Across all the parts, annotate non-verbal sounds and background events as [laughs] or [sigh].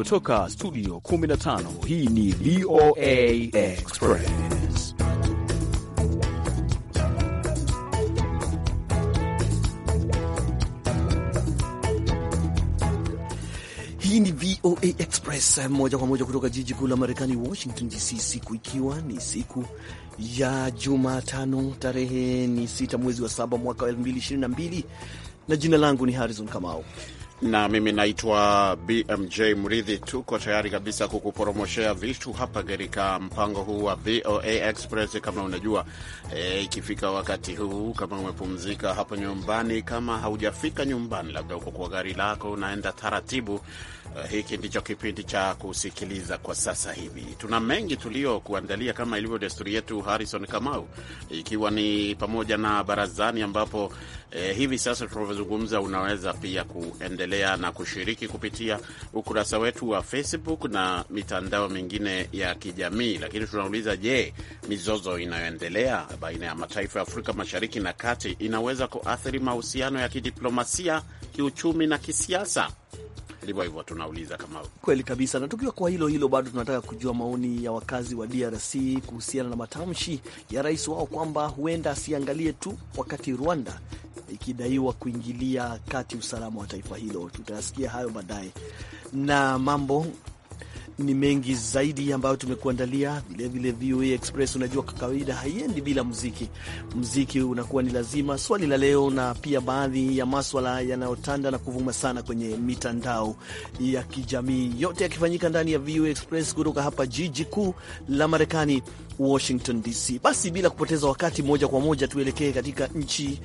kutoka studio 15 hii ni VOA Express Hii ni VOA Express moja kwa moja kutoka jiji kuu la Marekani, Washington DC, siku ikiwa ni siku ya Jumatano, tarehe ni sita mwezi wa saba mwaka wa 2022 na jina langu ni Harrison Kamau na mimi naitwa BMJ Mridhi. Tuko tayari kabisa kukuporomoshea vitu hapa katika mpango huu wa VOA Express. Kama unajua e, ikifika wakati huu, kama umepumzika hapo nyumbani, kama haujafika nyumbani, labda uko kwa gari lako unaenda taratibu Eh, hiki ndicho kipindi cha kusikiliza kwa sasa hivi. Tuna mengi tuliyokuandalia kama ilivyo desturi yetu, Harrison Kamau, ikiwa ni pamoja na barazani, ambapo eh, hivi sasa tunavyozungumza, unaweza pia kuendelea na kushiriki kupitia ukurasa wetu wa Facebook na mitandao mingine ya kijamii. Lakini tunauliza, je, mizozo inayoendelea baina ya mataifa ya Afrika Mashariki na Kati inaweza kuathiri mahusiano ya kidiplomasia, kiuchumi na kisiasa? ndivyo hivyo, tunauliza kama kweli kabisa. Na tukiwa kwa hilo hilo, bado tunataka kujua maoni ya wakazi wa DRC kuhusiana na matamshi ya rais wao kwamba huenda asiangalie tu, wakati Rwanda ikidaiwa kuingilia kati usalama wa taifa hilo. Tutayasikia hayo baadaye na mambo ni mengi zaidi ambayo tumekuandalia vilevile. VOA Express unajua, kwa kawaida haiendi bila muziki. Muziki unakuwa ni lazima, swali la leo, na pia baadhi ya maswala yanayotanda na kuvuma sana kwenye mitandao ya kijamii, yote yakifanyika ndani ya VOA Express kutoka hapa jiji kuu la Marekani Washington DC. Basi bila kupoteza wakati, moja kwa moja tuelekee katika nchi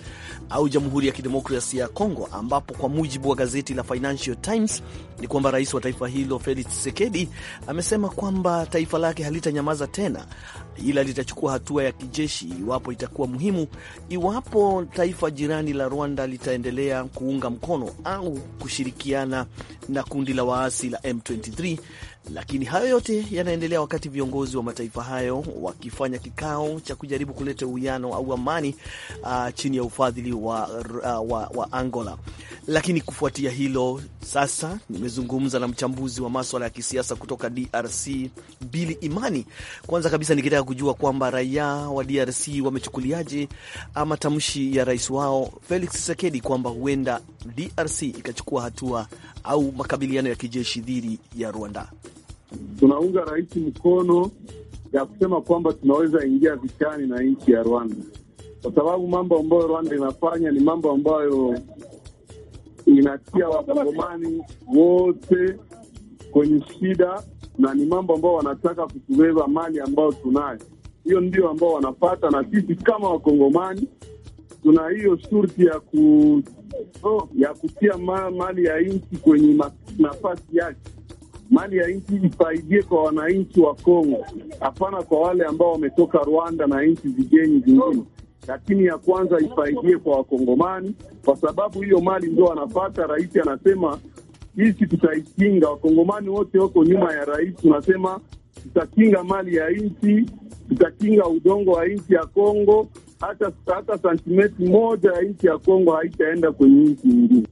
au Jamhuri ya Kidemokrasia ya Kongo, ambapo kwa mujibu wa gazeti la Financial Times ni kwamba rais wa taifa hilo Felix Tshisekedi amesema kwamba taifa lake halitanyamaza tena, ila litachukua hatua ya kijeshi iwapo itakuwa muhimu, iwapo taifa jirani la Rwanda litaendelea kuunga mkono au kushirikiana na kundi la waasi la M23 lakini hayo yote yanaendelea wakati viongozi wa mataifa hayo wakifanya kikao cha kujaribu kuleta uwiano au amani uh, chini ya ufadhili wa, uh, wa, wa Angola. Lakini kufuatia hilo sasa, nimezungumza na mchambuzi wa maswala ya kisiasa kutoka DRC Bili Imani. Kwanza kabisa nikitaka kujua kwamba raia wa DRC wamechukuliaje uh, matamshi ya rais wao Felix Tshisekedi kwamba huenda DRC ikachukua hatua au makabiliano ya kijeshi dhidi ya Rwanda tunaunga rais mkono ya kusema kwamba tunaweza ingia vitani na nchi ya Rwanda, kwa sababu mambo ambayo Rwanda inafanya ni mambo ambayo inatia wakongomani wote kwenye shida na ni mambo ambao wanataka kutubeba mali ambayo tunayo. Hiyo ndio ambao wanapata, na sisi kama wakongomani tuna hiyo shurti ya ku, ya kutia mali ya nchi kwenye nafasi yake mali ya nchi ifaidie kwa wananchi wa Kongo, hapana kwa wale ambao wametoka Rwanda na nchi zigeni zingine lakini ya kwanza ifaidie kwa Wakongomani, kwa sababu hiyo mali ndio wanapata. Rais anasema hisi tutaikinga, Wakongomani wote wako nyuma ya rais. Tunasema tutakinga mali ya nchi, tutakinga udongo wa nchi ya Kongo. Hata hata santimeti moja ya nchi ya Kongo haitaenda kwenye nchi nyingine.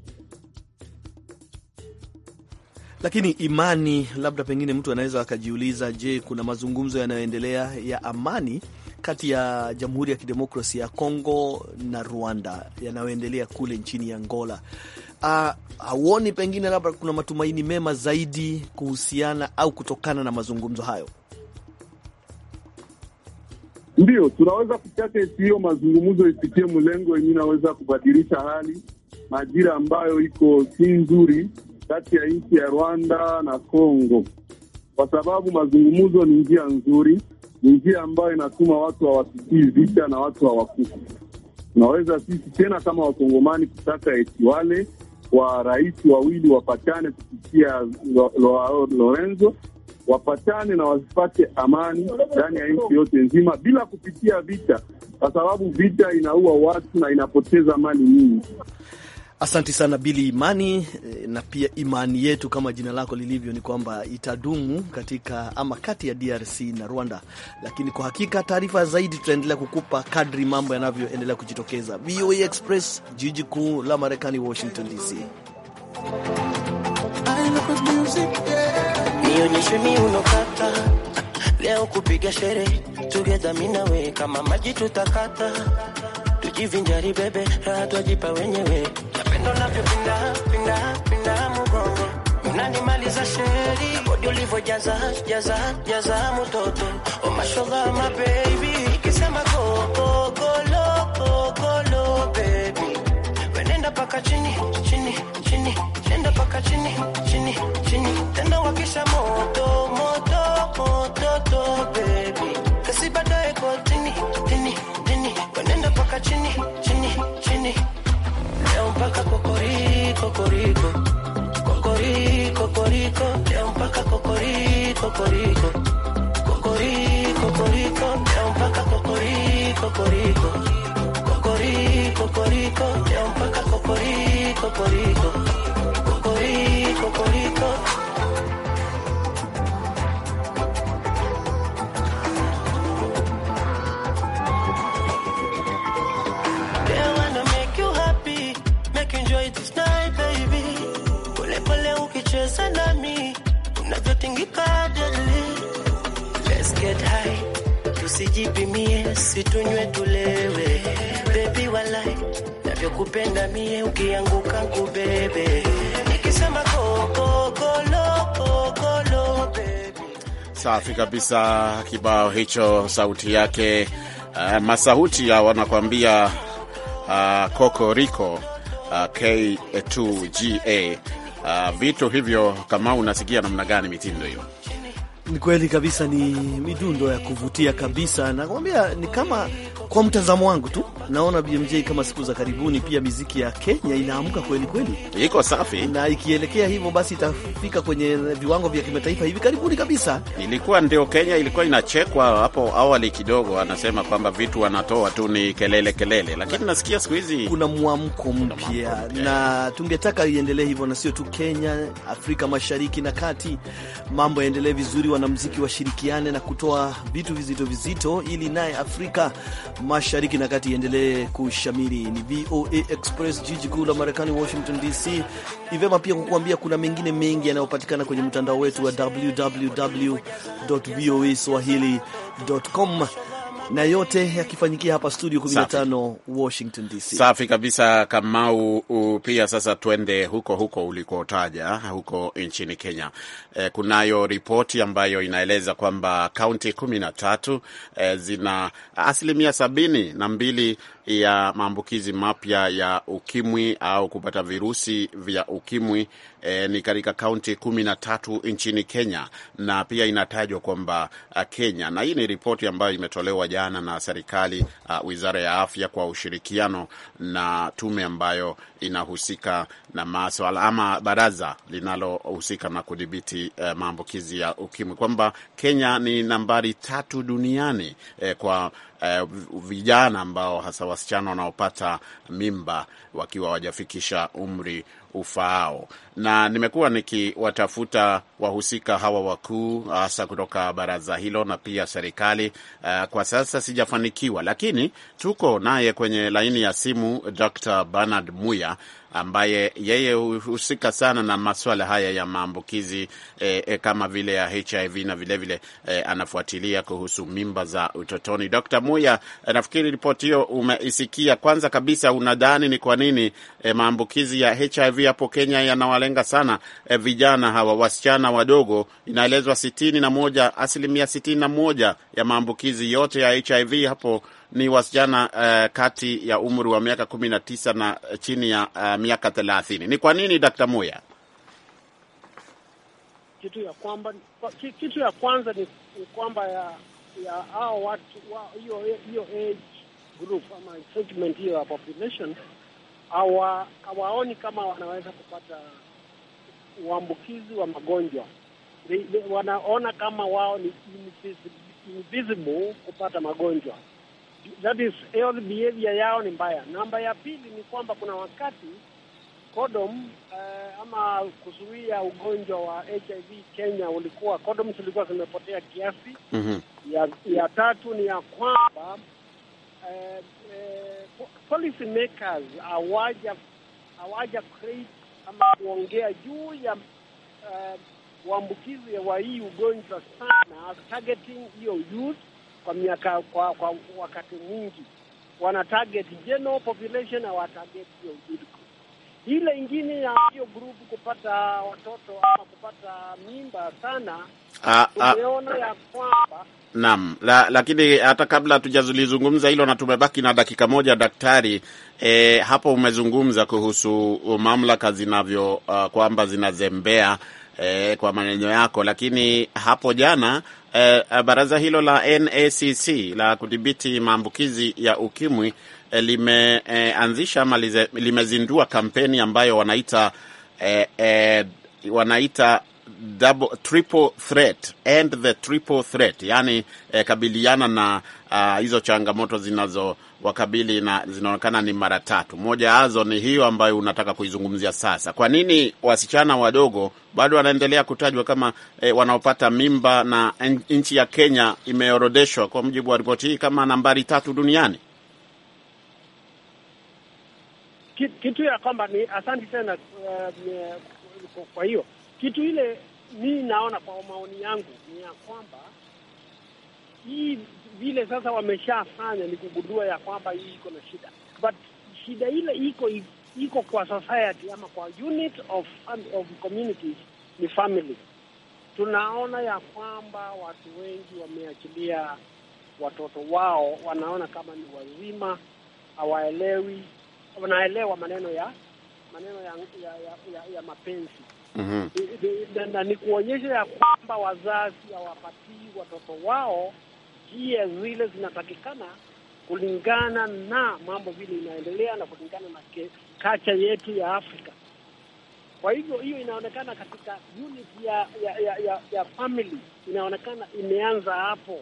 Lakini imani, labda pengine mtu anaweza akajiuliza, je, kuna mazungumzo yanayoendelea ya amani kati ya Jamhuri ya Kidemokrasia ya Kongo na Rwanda yanayoendelea kule nchini Angola. Uh, hauoni pengine labda kuna matumaini mema zaidi kuhusiana au kutokana na mazungumzo hayo? ndio tunaweza kuchake hiyo mazungumzo ipitie mlengo yenye inaweza kubadilisha hali majira ambayo iko si nzuri kati ya nchi ya Rwanda na Kongo, kwa sababu mazungumzo ni njia nzuri, ni njia ambayo inatuma watu hawasikii vita na watu hawakufa. Tunaweza sisi tena kama wakongomani kutaka eti wale wa rais wawili wapatane kupitia Lorenzo, wapatane na wasipate amani ndani ya nchi yote nzima bila kupitia vita, kwa sababu vita inaua watu na inapoteza mali nyingi. Asante sana Bili Imani. Eh, na pia imani yetu kama jina lako lilivyo ni kwamba itadumu katika ama kati ya DRC na Rwanda, lakini kwa hakika taarifa zaidi tutaendelea kukupa kadri mambo yanavyoendelea kujitokeza. VOA Express, jiji kuu la Marekani, Washington DC. Leo kupiga shere minawe kama maji tutakata tujivinjari bebe raha twajipa wenyewe Upendo navyopinda pinda pinda mugongo, unanimaliza sheri bodi ulivyojaza jaza jaza mutoto o oh, mashoga ma kokokolo kokolo baby wenenda paka chini chini chini nenda paka chini chini chini tena wakisha moto kokoriko kokoriko kokoriko leo mpaka kokoriko kokoriko kokoriko kokoriko leo mpaka kokoriko kokoriko kokoriko kokoriko situnywe tulewe, walai, navyokupenda mie, ukianguka nikisema Safi kabisa, kibao hicho, sauti yake uh, masauti ya wanakuambia uh, kokoriko uh, K2GA uh, vitu hivyo. Kama unasikia namna gani mitindo hiyo? Ni kweli kabisa, ni midundo ya kuvutia kabisa, nakwambia ni kama kwa mtazamo wangu tu naona BMJ kama siku za karibuni pia miziki ya Kenya inaamka kweli kweli, iko safi, na ikielekea hivyo basi itafika kwenye viwango vya kimataifa hivi karibuni kabisa. Ilikuwa ndio Kenya ilikuwa inachekwa hapo awali kidogo, anasema kwamba vitu wanatoa tu ni kelele kelele, lakini nasikia siku hizi kuna mwamko mpya, na tungetaka iendelee hivyo, na sio tu Kenya, Afrika Mashariki na Kati, mambo yaendelee vizuri, wanamziki washirikiane na kutoa vitu vizito vizito, ili naye Afrika mashariki na kati iendelee kushamiri. Ni VOA Express, jiji kuu la Marekani, Washington DC. ivema pia kukuambia kuna mengine mengi yanayopatikana kwenye mtandao wetu wa www voa swahili.com na yote yakifanyikia hapa studio 15 Washington DC. Safi kabisa Kamau. Pia sasa tuende huko huko ulikotaja huko nchini Kenya. E, kunayo ripoti ambayo inaeleza kwamba kaunti 13 na tatu e, zina asilimia sabini na mbili ya maambukizi mapya ya ukimwi au kupata virusi vya ukimwi e, ni katika kaunti kumi na tatu nchini Kenya, na pia inatajwa kwamba ah, Kenya, na hii ni ripoti ambayo imetolewa jana na serikali uh, wizara ya afya kwa ushirikiano na tume ambayo inahusika na maswala ama baraza linalohusika na kudhibiti uh, maambukizi ya ukimwi kwamba Kenya ni nambari tatu duniani eh, kwa eh, vijana ambao hasa wasichana wanaopata mimba wakiwa hawajafikisha umri ufaao. Na nimekuwa nikiwatafuta wahusika hawa wakuu hasa kutoka baraza hilo na pia serikali. Uh, kwa sasa sijafanikiwa, lakini tuko naye kwenye laini ya simu Dr. Bernard Muya ambaye yeye huhusika sana na maswala haya ya maambukizi e, e, kama vile ya HIV na vilevile vile, e, anafuatilia kuhusu mimba za utotoni. Dr. Muya, nafikiri ripoti hiyo umeisikia. Kwanza kabisa unadhani ni kwa nini e, maambukizi ya HIV mazuri hapo Kenya yanawalenga sana e, vijana hawa wasichana wadogo. Inaelezwa sitini na moja, asilimia sitini na moja ya maambukizi yote ya HIV hapo ni wasichana eh, kati ya umri wa miaka kumi na tisa na eh, chini ya eh, miaka thelathini. Ni kwa nini Dkt. Moya? Kitu ya kwamba kitu ya kwanza ni kwamba ya ya hao watu hiyo hiyo age group ama segment hiyo ya population hawa hawaoni kama wanaweza kupata uambukizi wa magonjwa. Wanaona kama wao ni invisible kupata magonjwa. That is, health behavior yao ni mbaya. Namba ya pili ni kwamba kuna wakati Kodom eh, ama kuzuia ugonjwa wa HIV Kenya ulikuwa kodom zilikuwa zimepotea kiasi. mm -hmm. Ya, ya tatu ni ya kwamba eh, eh, policy makers hawaja hawaja create ama kuongea juu ya uh, uambukizi uh, wa hii ugonjwa sana targeting hiyo youth kwa miaka kwa, kwa wakati mwingi wana target general population na wa target hiyo youth ile ingine ya hiyo grupu kupata watoto ama kupata mimba sana, ah, ah. tumeona ya kwamba Naam, la, lakini hata kabla hatujalizungumza hilo na tumebaki na dakika moja, daktari e, hapo umezungumza kuhusu mamlaka zinavyo uh, kwamba zinazembea e, kwa maneno yako, lakini hapo jana e, baraza hilo la NACC la kudhibiti maambukizi ya ukimwi limeanzisha eh, ama limezindua kampeni ambayo wanaita eh, eh, wanaita double triple threat the triple threat, yani eh, kabiliana na uh, hizo changamoto zinazo wakabili na zinaonekana ni mara tatu. Moja yazo ni hiyo ambayo unataka kuizungumzia sasa. Kwa nini wasichana wadogo bado wanaendelea kutajwa kama e, wanaopata mimba na nchi ya Kenya imeorodeshwa kwa mujibu wa ripoti hii kama nambari tatu duniani? kitu ya kwamba ni asante tena. Uh, kwa hiyo kitu ile mi naona kwa maoni yangu ni ya kwamba hii vile sasa wameshafanya ni kugundua ya kwamba hii iko na shida, but shida ile iko iko kwa society ama kwa unit of of communities ni family. Tunaona ya kwamba watu wengi wameachilia watoto wao, wanaona kama ni wazima, hawaelewi wanaelewa maneno ya maneno ya ya, ya, ya mapenzi mm -hmm. na, na ni kuonyesha ya kwamba wazazi hawapatii watoto wao njia zile zinatakikana kulingana na mambo vile inaendelea na kulingana na kacha yetu ya Afrika. Kwa hivyo hiyo inaonekana katika unit ya ya, ya, ya, ya family inaonekana imeanza hapo,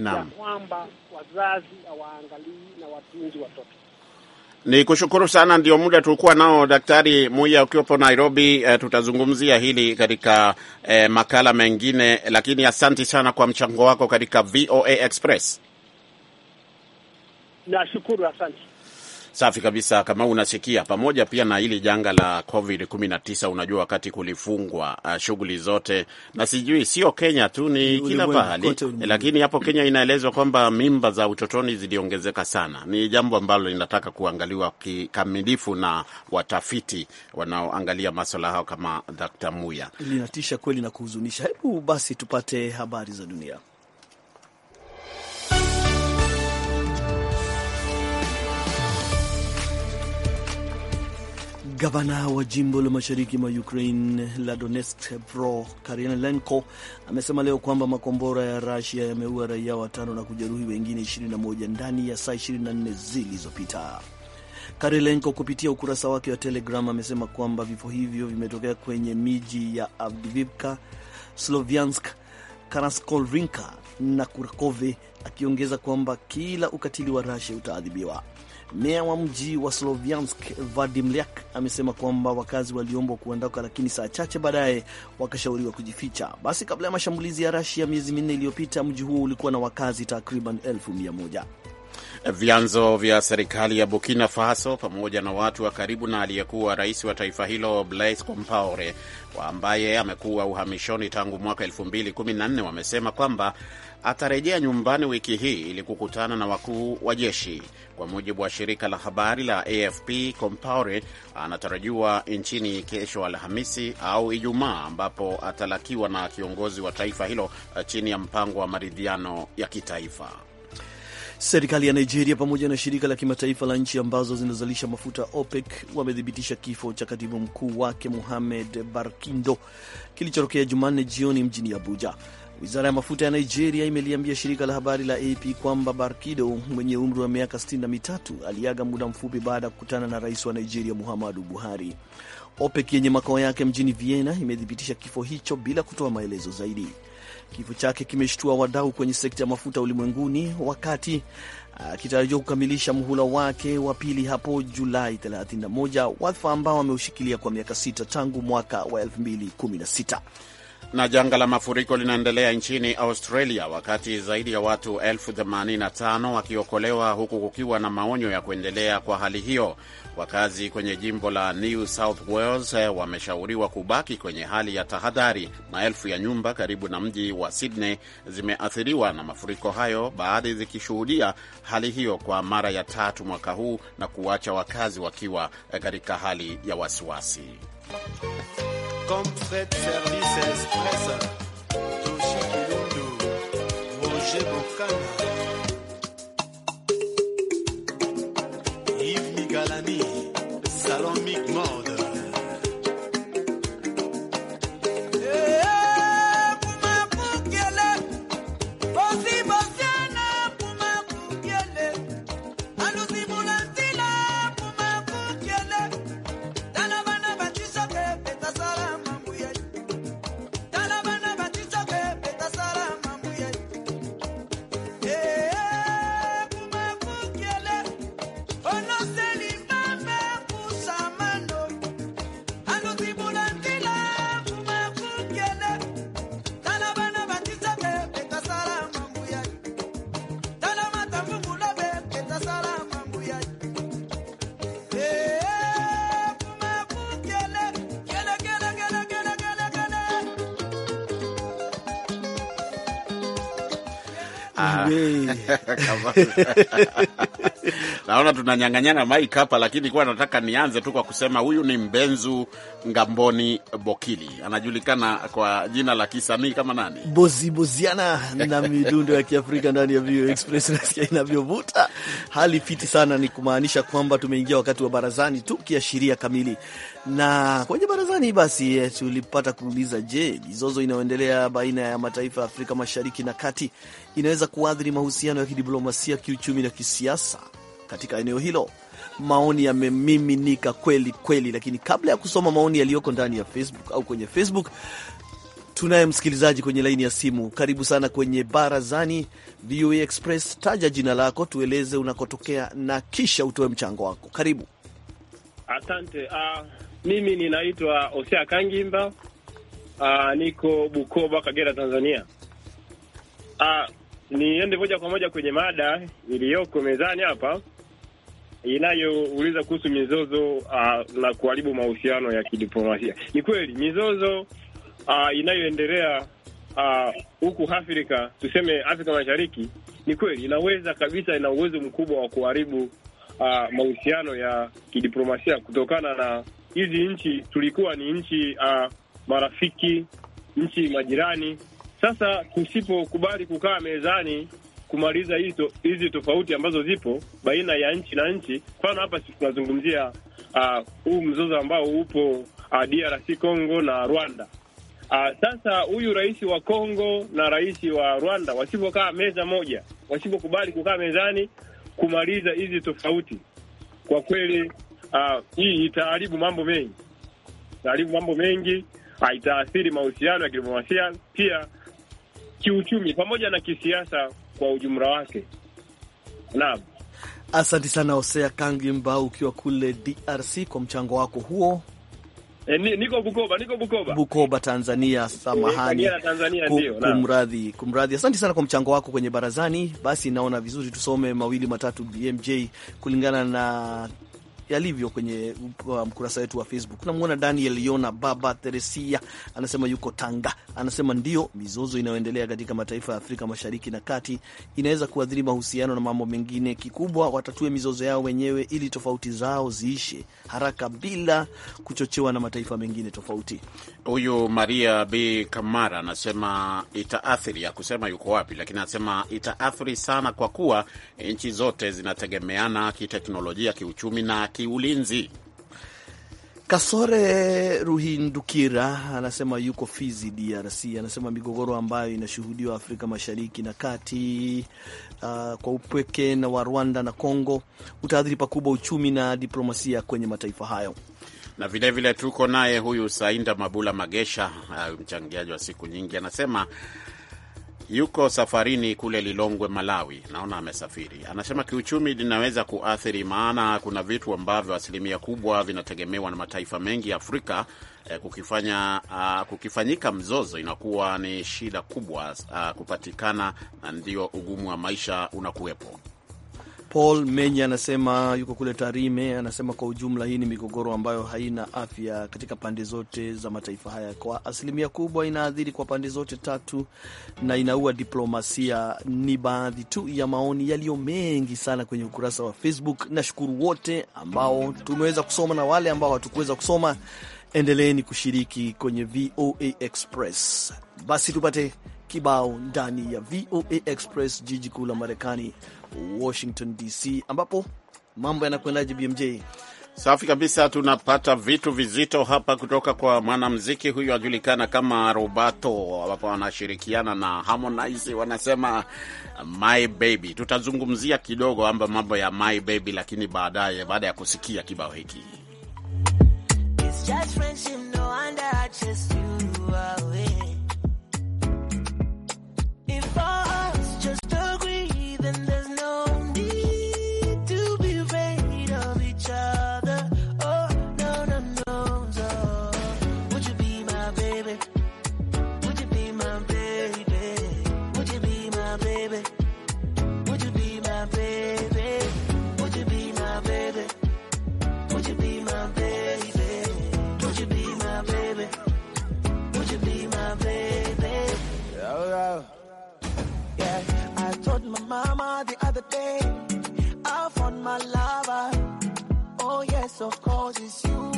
ya kwamba wazazi hawaangalii na watunzi watoto. Ni kushukuru sana, ndio muda tulikuwa nao, Daktari Muya, ukiwapo Nairobi. E, tutazungumzia hili katika e, makala mengine, lakini asanti sana kwa mchango wako katika VOA Express. Nashukuru, asante. Safi kabisa, kama unasikia, pamoja pia na hili janga la Covid 19. Unajua, wakati kulifungwa uh, shughuli zote, na sijui sio Kenya tu, ni kila pahali, lakini hapo Kenya inaelezwa kwamba mimba za utotoni ziliongezeka sana. Ni jambo ambalo linataka kuangaliwa kikamilifu na watafiti wanaoangalia maswala hayo kama Dr. Muya. Linatisha kweli na kuhuzunisha. Hebu basi tupate habari za dunia. Gavana wa jimbo la mashariki mwa Ukraine la Donetsk Prokarienko amesema leo kwamba makombora ya Rusia yameua raia watano na kujeruhi wengine 21 ndani ya saa 24 zilizopita. Karilenko kupitia ukurasa wake wa Telegram amesema kwamba vifo hivyo vimetokea kwenye miji ya Avdiivka, Sloviansk, Karaskolrinka na Kurakove, akiongeza kwamba kila ukatili wa Rusia utaadhibiwa. Meya wa mji wa Sloviansk Vadimliak amesema kwamba wakazi waliombwa kuondoka, lakini saa chache baadaye wakashauriwa kujificha. Basi kabla ya mashambulizi ya Rasia miezi minne iliyopita, mji huo ulikuwa na wakazi takriban elfu mia moja. Vyanzo vya serikali ya Burkina Faso pamoja na watu wa karibu na aliyekuwa rais wa taifa hilo Blaise Compaore ambaye amekuwa uhamishoni tangu mwaka 2014 wamesema kwamba atarejea nyumbani wiki hii ili kukutana na wakuu wa jeshi. Kwa mujibu wa shirika la habari la AFP, Compaore anatarajiwa nchini kesho Alhamisi au Ijumaa, ambapo atalakiwa na kiongozi wa taifa hilo eh, chini ya mpango wa maridhiano ya kitaifa. Serikali ya Nigeria pamoja na shirika la kimataifa la nchi ambazo zinazalisha mafuta OPEC wamethibitisha kifo cha katibu mkuu wake Mohamed Barkindo kilichotokea Jumanne jioni mjini Abuja. Wizara ya mafuta ya Nigeria imeliambia shirika la habari la AP kwamba Barkido mwenye umri wa miaka 63 aliaga muda mfupi baada ya kukutana na rais wa Nigeria Muhammadu Buhari. OPEC yenye makao yake mjini Vienna imethibitisha kifo hicho bila kutoa maelezo zaidi. Kifo chake kimeshtua wadau kwenye sekta ya mafuta ulimwenguni wakati ah, akitarajiwa kukamilisha muhula wake wa pili hapo Julai 31, wadhifa ambao ameushikilia kwa miaka sita tangu mwaka wa 2016. Na janga la mafuriko linaendelea nchini Australia wakati zaidi ya watu elfu 85 wakiokolewa huku kukiwa na maonyo ya kuendelea kwa hali hiyo. Wakazi kwenye jimbo la New South Wales eh, wameshauriwa kubaki kwenye hali ya tahadhari. Maelfu ya nyumba karibu na mji wa Sydney zimeathiriwa na mafuriko hayo, baadhi zikishuhudia hali hiyo kwa mara ya tatu mwaka huu na kuwacha wakazi wakiwa eh, katika hali ya wasiwasi. Ah. [laughs] Acabou. naona tunanyang'anyana mic hapa, lakini kuwa nataka nianze tu kwa kusema huyu ni Mbenzu Ngamboni Bokili, anajulikana kwa jina la kisanii kama nani, Boziboziana na midundo ya Kiafrika ndani ya Vio Express. Nasikia inavyovuta hali fiti sana, ni kumaanisha kwamba tumeingia wakati wa barazani, kiashiria kamili na kwenye barazani basi eh, tulipata kuuliza, je, mizozo inayoendelea baina ya mataifa ya Afrika Mashariki na Kati inaweza kuathiri mahusiano ya kidiplomasia, kiuchumi na kisiasa katika eneo hilo. Maoni yamemiminika kweli kweli, lakini kabla ya kusoma maoni yaliyoko ndani ya Facebook au kwenye Facebook, tunaye msikilizaji kwenye laini ya simu. Karibu sana kwenye barazani VOA Express. Taja jina lako, tueleze unakotokea na kisha utoe mchango wako. Karibu. Asante. Uh, mimi ninaitwa Osea Kangimba. Uh, niko Bukoba, Kagera, Tanzania. Uh, niende moja kwa moja kwenye mada iliyoko mezani hapa inayouliza kuhusu mizozo uh, na kuharibu mahusiano ya kidiplomasia, ni kweli mizozo uh, inayoendelea ah, huku uh, Afrika, tuseme Afrika Mashariki, ni kweli inaweza kabisa, ina uwezo mkubwa wa kuharibu uh, mahusiano ya kidiplomasia kutokana na hizi nchi tulikuwa ni nchi uh, marafiki, nchi majirani. Sasa tusipokubali kukaa mezani kumaliza hizo hizi tofauti ambazo zipo baina ya nchi na nchi. Mfano hapa sisi tunazungumzia ah, huu uh, mzozo ambao upo uh, ah, DRC Congo na Rwanda. Uh, sasa huyu rais wa Congo na rais wa Rwanda wasipokaa meza moja, wasipokubali kukaa mezani kumaliza hizi tofauti, kwa kweli uh, hii itaharibu mambo mengi, itaharibu mambo mengi uh, itaathiri mahusiano ya kidiplomasia pia kiuchumi pamoja na kisiasa kwa ujumla wake. Naam. Asante sana Hosea Kangimba ukiwa kule DRC kwa mchango wako huo. E, niko Bukoba, niko Bukoba. Bukoba, Tanzania. Samahani. E, Kumradhi, kumradhi. Asante sana kwa mchango wako kwenye barazani. Basi naona vizuri tusome mawili matatu BMJ kulingana na yalivyo kwenye mkurasa wetu wa Facebook. Namwona Daniel Yona Baba Theresia anasema yuko Tanga, anasema ndio mizozo inayoendelea katika mataifa ya Afrika Mashariki na Kati inaweza kuathiri mahusiano na mambo mengine. Kikubwa watatue mizozo yao wenyewe ili tofauti zao ziishe haraka bila kuchochewa na mataifa mengine tofauti. Huyu Maria B Kamara anasema itaathiri, ya kusema yuko wapi, lakini anasema itaathiri sana, kwa kuwa nchi zote zinategemeana kiteknolojia, kiuchumi na kiulinzi. Kasore Ruhindukira anasema yuko Fizi, DRC. Anasema migogoro ambayo inashuhudiwa Afrika Mashariki na Kati, uh, kwa upweke na wa Rwanda na Congo utaathiri pakubwa uchumi na diplomasia kwenye mataifa hayo. Na vilevile tuko naye huyu Sainda Mabula Magesha, uh, mchangiaji wa siku nyingi, anasema yuko safarini kule Lilongwe, Malawi. Naona amesafiri. Anasema kiuchumi linaweza kuathiri, maana kuna vitu ambavyo asilimia kubwa vinategemewa na mataifa mengi ya Afrika. Eh, kukifanya, uh, kukifanyika mzozo inakuwa ni shida kubwa uh, kupatikana, na ndio ugumu wa maisha unakuwepo. Paul Menye anasema yuko kule Tarime, anasema kwa ujumla hii ni migogoro ambayo haina afya katika pande zote za mataifa haya. Kwa asilimia kubwa inaadhiri kwa pande zote tatu na inaua diplomasia. Ni baadhi tu ya maoni yaliyo mengi sana kwenye ukurasa wa Facebook. Nashukuru wote ambao tumeweza kusoma na wale ambao hatukuweza kusoma, endeleeni kushiriki kwenye VOA Express. Basi tupate kibao ndani ya VOA Express, jiji kuu la Marekani. Washington DC, ambapo mambo yanakwendaje BMJ? Safi kabisa, tunapata vitu vizito hapa kutoka kwa mwanamuziki huyu ajulikana kama Robato, ambapo anashirikiana na Harmonize, wanasema my baby. Tutazungumzia kidogo amba mambo ya my baby, lakini baadaye, baada ya kusikia kibao hiki It's just my lover. Oh yes, of course it's you.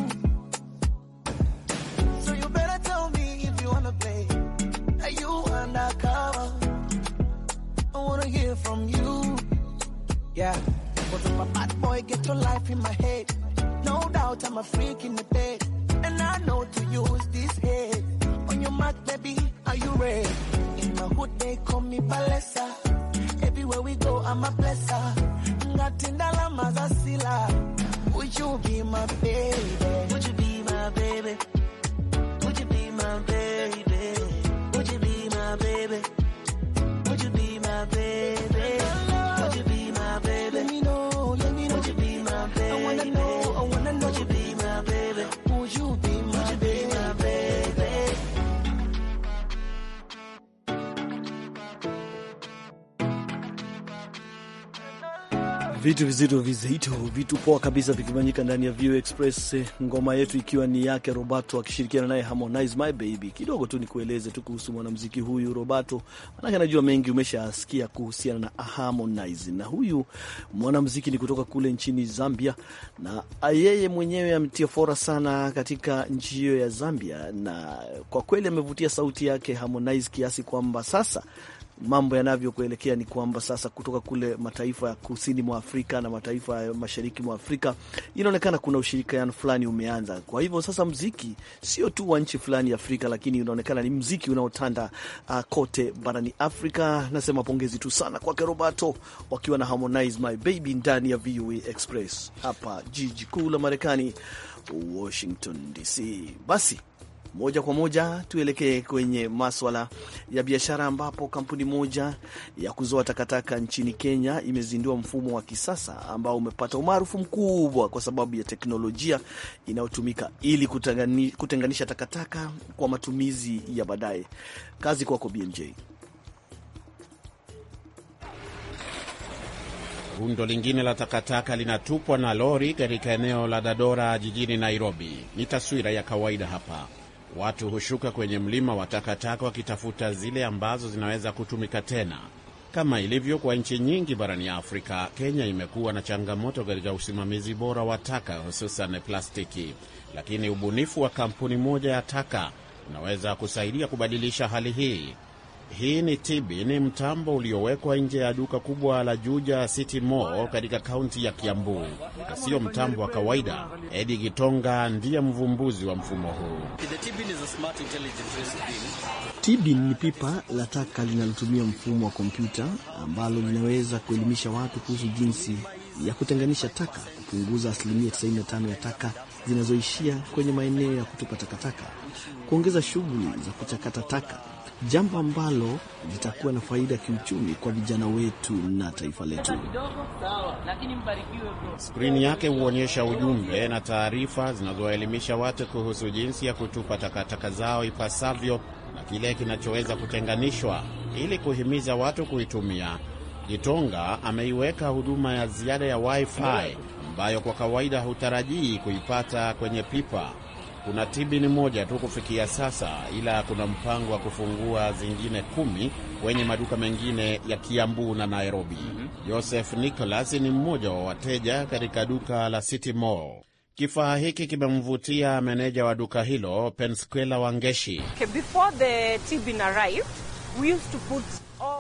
So you better tell me if you wanna play. Are you undercover? I wanna hear from you. Yeah, cause a bad boy, get your life in my head. No doubt I'm a freak vitu vizito vizito, vitu poa kabisa vikifanyika ndani ya View Express. Ngoma yetu ikiwa ni yake Robato akishirikiana naye Harmonize my baby. Kidogo tu nikueleze tu kuhusu mwanamuziki huyu Robato, manake anajua mengi umeshasikia kuhusiana na Harmonize, na huyu mwanamuziki ni kutoka kule nchini Zambia, na yeye mwenyewe ametia fora sana katika nchi hiyo ya Zambia, na kwa kweli amevutia sauti yake Harmonize kiasi kwamba sasa mambo yanavyokuelekea ni kwamba sasa kutoka kule mataifa ya kusini mwa Afrika na mataifa ya mashariki mwa Afrika inaonekana kuna ushirikiano fulani umeanza. Kwa hivyo sasa mziki sio tu wa nchi fulani Afrika, lakini unaonekana ni mziki unaotanda uh, kote barani Afrika. Nasema pongezi tu sana kwake Robato wakiwa na Harmonize My Baby ndani ya VOA Express hapa jiji kuu la Marekani, Washington DC. Basi moja kwa moja tuelekee kwenye maswala ya biashara, ambapo kampuni moja ya kuzoa takataka nchini Kenya imezindua mfumo wa kisasa ambao umepata umaarufu mkubwa kwa sababu ya teknolojia inayotumika ili kutenganisha takataka kwa matumizi ya baadaye. Kazi kwako BMJ. Rundo lingine la takataka linatupwa na lori katika eneo la Dadora jijini Nairobi. Ni taswira ya kawaida hapa. Watu hushuka kwenye mlima wa takataka wakitafuta zile ambazo zinaweza kutumika tena. Kama ilivyo kwa nchi nyingi barani Afrika, Kenya imekuwa na changamoto katika usimamizi bora wa taka, hususan plastiki, lakini ubunifu wa kampuni moja ya taka unaweza kusaidia kubadilisha hali hii. Hii ni Tibi, ni mtambo uliowekwa nje ya duka kubwa la Juja City Mall katika kaunti ya Kiambu, na mtambo wa kawaida. Edi Gitonga ndiye mvumbuzi wa mfumo huu. Tibi ni pipa la taka linalotumia mfumo wa kompyuta ambalo linaweza kuelimisha watu kuhusu jinsi ya kutenganisha taka, kupunguza asilimia 95 ya taka zinazoishia kwenye maeneo ya kutupa takataka, kuongeza shughuli za kuchakata taka jambo ambalo litakuwa na faida ya kiuchumi kwa vijana wetu na taifa letu. Skrini yake huonyesha ujumbe na taarifa zinazoelimisha watu kuhusu jinsi ya kutupa takataka zao ipasavyo na kile kinachoweza kutenganishwa ili kuhimiza watu kuitumia. Jitonga ameiweka huduma ya ziada ya wifi ambayo kwa kawaida hutarajii kuipata kwenye pipa kuna ni moja tu kufikia sasa, ila kuna mpango wa kufungua zingine kumi kwenye maduka mengine ya Kiambu na Nairobi. Mhm. Joseph Nicholas ni mmoja wa wateja katika duka la City Mall. Kifaa hiki kimemvutia meneja wa duka hilo Penskwela Wangeshi.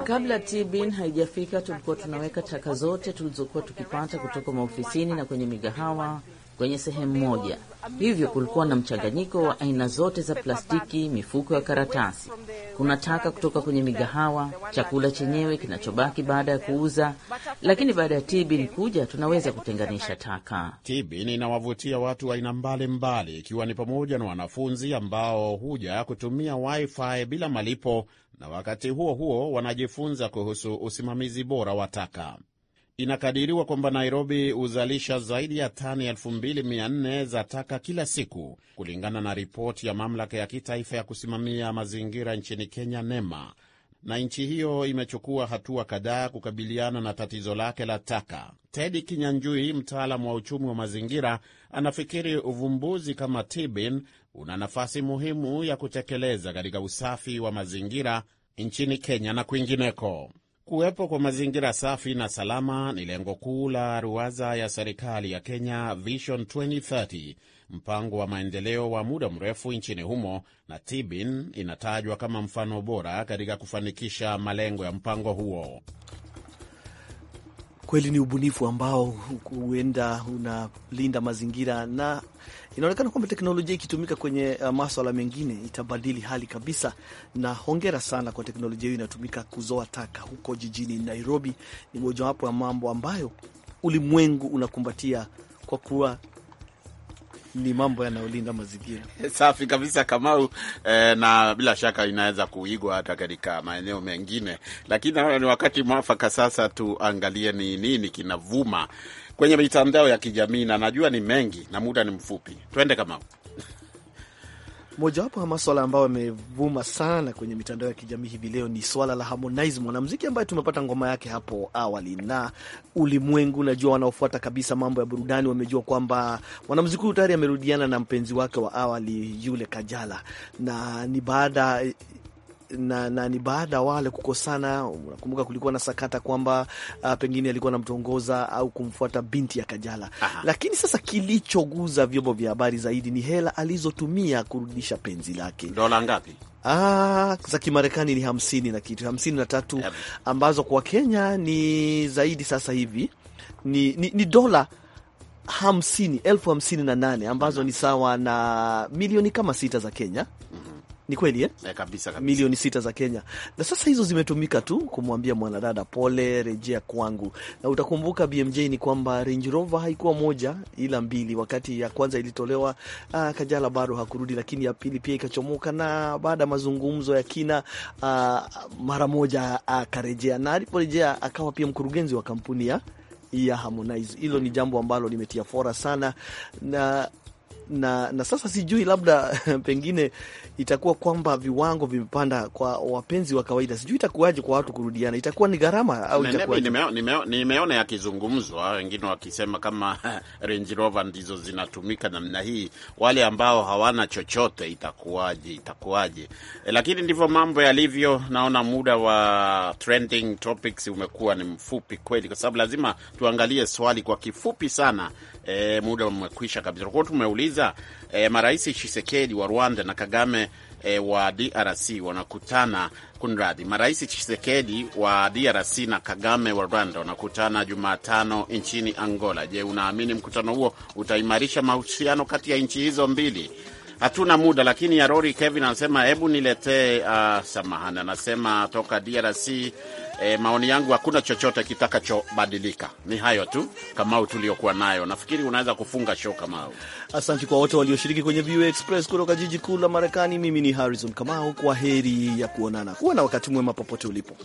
Kabla tibin haijafika tulikuwa tunaweka taka zote tulizokuwa tukipata kutoka maofisini na kwenye migahawa kwenye sehemu moja, hivyo kulikuwa na mchanganyiko wa aina zote za plastiki, mifuko ya karatasi. Kuna taka kutoka kwenye migahawa, chakula chenyewe kinachobaki baada ya kuuza. Lakini baada ya Tibin kuja, tunaweza kutenganisha taka. Tibin inawavutia watu aina mbalimbali, ikiwa ni pamoja na wanafunzi ambao huja kutumia wifi bila malipo, na wakati huo huo wanajifunza kuhusu usimamizi bora wa taka. Inakadiriwa kwamba Nairobi huzalisha zaidi ya tani 2400 za taka kila siku, kulingana na ripoti ya mamlaka ya kitaifa ya kusimamia mazingira nchini Kenya, NEMA, na nchi hiyo imechukua hatua kadhaa kukabiliana na tatizo lake la taka. Tedi Kinyanjui, mtaalamu wa uchumi wa mazingira, anafikiri uvumbuzi kama Tibin una nafasi muhimu ya kutekeleza katika usafi wa mazingira nchini Kenya na kwingineko. Kuwepo kwa mazingira safi na salama ni lengo kuu la ruwaza ya serikali ya Kenya Vision 2030, mpango wa maendeleo wa muda mrefu nchini humo, na Tibin inatajwa kama mfano bora katika kufanikisha malengo ya mpango huo. Kweli ni ubunifu ambao huenda unalinda mazingira na Inaonekana kwamba teknolojia ikitumika kwenye uh, maswala mengine itabadili hali kabisa, na hongera sana kwa teknolojia hiyo inayotumika kuzoa taka huko jijini Nairobi. Ni mojawapo ya mambo ambayo ulimwengu unakumbatia kwa kuwa ni mambo yanayolinda mazingira. [laughs] Safi kabisa Kamau. E, na bila shaka inaweza kuigwa hata katika maeneo mengine, lakini ni wakati mwafaka sasa tuangalie ni nini kinavuma kwenye mitandao ya kijamii, na najua ni mengi na muda ni mfupi. Twende Kamau. Mojawapo ya maswala ambayo yamevuma sana kwenye mitandao ya kijamii hivi leo ni swala la Harmonize, mwanamziki ambaye tumepata ngoma yake hapo awali, na ulimwengu, najua wanaofuata kabisa mambo ya burudani wamejua kwamba mwanamziki huyu tayari amerudiana na mpenzi wake wa awali yule Kajala, na ni baada na, na ni baada wale kukosana. Unakumbuka kulikuwa na sakata kwamba uh, pengine alikuwa anamtongoza au kumfuata binti ya Kajala. Aha. Lakini sasa kilichoguza vyombo vya habari zaidi ni hela alizotumia kurudisha penzi lake. Dola ngapi? Ah, za Kimarekani ni hamsini na kitu hamsini na tatu yep, ambazo kwa Kenya ni zaidi sasa hivi ni, ni, ni dola hamsini elfu hamsini na nane ambazo ni sawa na milioni kama sita za Kenya. Mm -hmm. Ni kweli eh? Eh, kabisa, kabisa. Milioni sita za Kenya na sasa hizo zimetumika tu kumwambia mwanadada pole, rejea kwangu. Na utakumbuka BMJ ni kwamba Range Rover haikuwa moja ila mbili. Wakati ya kwanza ilitolewa, ah, Kajala bado hakurudi, lakini ya pili pia ikachomoka, na baada ya mazungumzo ya kina, ah, mara moja akarejea, ah, na aliporejea akawa pia mkurugenzi wa kampuni ya ya Harmonize. Hilo ni jambo ambalo limetia fora sana na na, na sasa sijui labda [laughs] pengine itakuwa kwamba viwango vimepanda kwa wapenzi wa kawaida, sijui itakuwaje kwa watu kurudiana, itakuwa ni gharama au itakuwaje? Nimeona yakizungumzwa wengine wakisema kama [laughs] Range Rover ndizo zinatumika namna hii, wale ambao hawana chochote itakuwaje, itakuwaje? E, lakini ndivyo mambo yalivyo. Naona muda wa trending topics umekuwa ni mfupi kweli, kwa sababu lazima tuangalie swali kwa kifupi sana. E, muda umekwisha kabisa, kwa tumeuliza Ukisikiliza eh, marais Tshisekedi wa Rwanda na Kagame eh, wa DRC wanakutana Kunradhi, marais Chisekedi wa DRC na Kagame wa Rwanda wanakutana Jumatano nchini Angola. Je, unaamini mkutano huo utaimarisha mahusiano kati ya nchi hizo mbili? hatuna muda, lakini arori Kevin anasema hebu niletee uh, ah, samahani, anasema toka DRC e, eh, maoni yangu hakuna chochote kitakachobadilika. Ni hayo tu Kamau tuliyokuwa nayo. Nafikiri unaweza kufunga show Kamau. Asante kwa wote walioshiriki kwenye VOA Express kutoka jiji kuu la Marekani. Mimi ni Harrison Kamau, kwa heri ya kuonana, kuwa na wakati mwema popote ulipo.